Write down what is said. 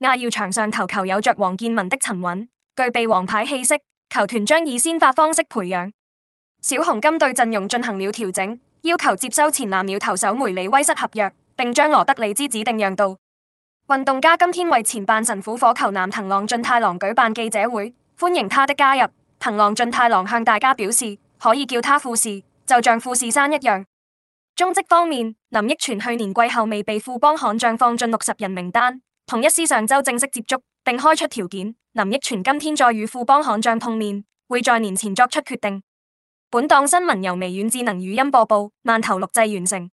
亞耀場上，投球有着王建文的沉穩，具備王牌氣息。球團將以先發方式培養。小紅金隊陣容進行了調整，要求接收前藍鳥投手梅里威瑟合約，並將羅德里茲指定讓渡。運動家今天為前阪神虎火球男藤浪晉太郎舉辦記者會，歡迎他的加入。藤浪晉太郎向大家表示，可以叫他富士，就像富士山一樣。中職方面，林益全去年季後未被富邦悍將放進六十人名單。統一獅上周正式接觸，並開出條件。林益全今天再與富邦行長碰面，會在年前作出決定。本檔新聞由微軟智能語音播報，慢頭錄製完成。